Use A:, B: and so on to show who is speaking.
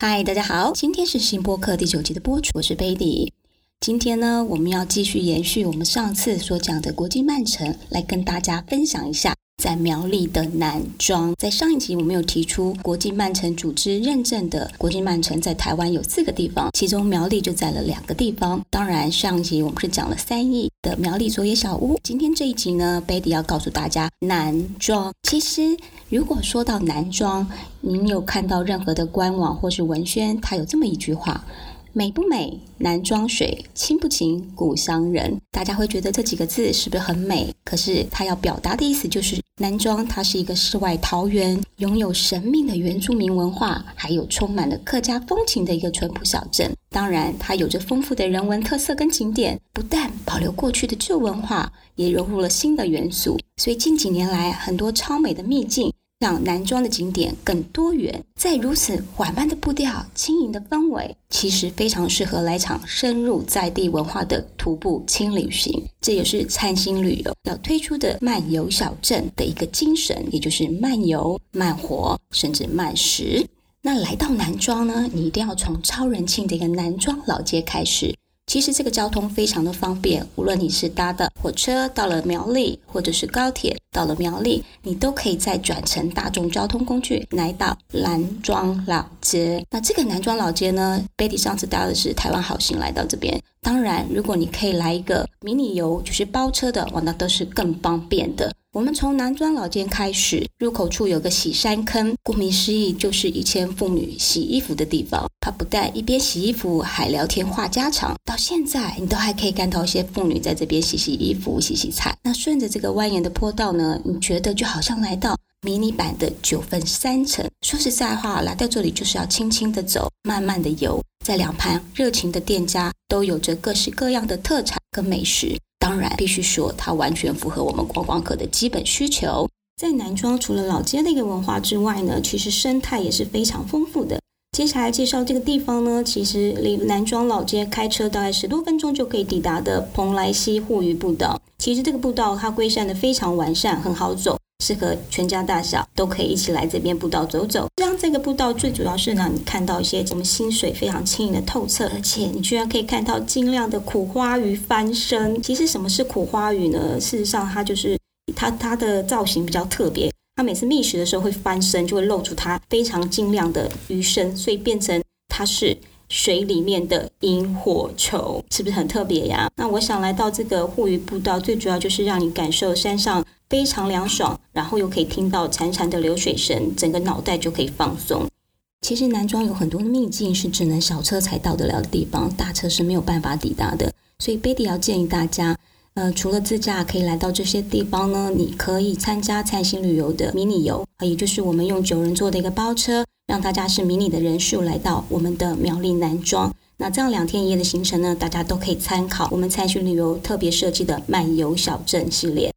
A: 嗨，Hi, 大家好，今天是新播客第九集的播出，我是 Betty。今天呢，我們要繼續延續我們上次所講的國際慢城，來跟大家分享一下。在苗栗的南莊，在上一集我們有提出國際慢城組織認證的國際慢城，在台灣有四個地方，其中苗栗就佔了兩個地方。當然，上一集我們是講了三義的苗栗卓也小屋。今天這一集呢，Betty 要告訴大家，南莊其實，如果說到南莊，您有看到任何的官網或是文宣，他有這麼一句話。美不美，南莊水；親不親，故鄉人。大家會覺得這幾個字是不是很美？可是它要表達的意思就是，南莊它是一個世外桃源，擁有神秘的原住民文化，還有充滿了客家風情的一個淳樸小鎮。當然，它有着豐富的人文特色跟景點，不但保留過去的舊文化，也融入了新的元素。所以近幾年來，很多超美的秘境。讓南莊的景點更多元，在如此緩慢的步調、輕盈的氛圍，其實非常適合來場深入在地文化的徒步輕旅行。這也是燦星旅遊要推出的漫遊小鎮的一個精神，也就是漫遊、慢活，甚至慢食。那來到南莊呢，你一定要從超人氣的一個南莊老街開始。其實這個交通非常的方便，無論你是搭的火車到了苗栗，或者是高鐵。到了苗栗，你都可以再轉乘大眾交通工具來到南莊老街。那這個南莊老街呢，Betty 上次搭的是台灣好行來到這邊。當然，如果你可以來一個迷你遊，就是包車的，往那都是更方便的。我們從南莊老街開始，入口處有個洗衫坑，顧名思義就是以前婦女洗衣服的地方。她不但一邊洗衣服，還聊天話家常。到現在，你都還可以看到一些婦女在這邊洗洗衣服、洗洗菜。那順着這個蜿蜒的坡道呢，你覺得就好像來到迷你版的九份山城。說實在話，來到這裡就是要輕輕的走，慢慢的遊。在兩旁熱情的店家都有着各式各樣的特產跟美食。當然，必須說它完全符合我們觀光客的基本需求。在南莊除了老街的一個文化之外呢，其實生態也是非常豐富的。接下來介紹這個地方呢，其實離南莊老街開車大概十多分鐘就可以抵達的蓬萊溪護魚步道。其實這個步道它規善的非常完善，很好走。適合全家大小都可以一起來這邊步道走走。像這個步道最主要是讓你看到一些什麼，溪水非常清瑩的透徹，而且你居然可以看到晶亮的苦花魚翻身。其實什麼是苦花魚呢？事實上，它就是它，它的造型比較特別，它每次覓食的時候會翻身，就會露出它非常晶亮的魚身，所以變成它是水裡面的螢火蟲，是不是很特別呀？那我想來到這個護魚步道，最主要就是讓你感受山上。非常涼爽，然後又可以聽到潺潺的流水聲，整個腦袋就可以放鬆。其實南莊有很多的秘境是只能小車才到得了的地方，大車是沒有辦法抵達的。所以 Betty 要建議大家，呃，除了自駕可以來到這些地方呢，你可以參加燦星旅遊的迷你遊，也就是我們用九人座的一個包車，讓大家是迷你的人數來到我們的苗栗南莊。那這樣兩天一夜的行程呢，大家都可以參考我們燦星旅遊特別設計的漫遊小鎮系列。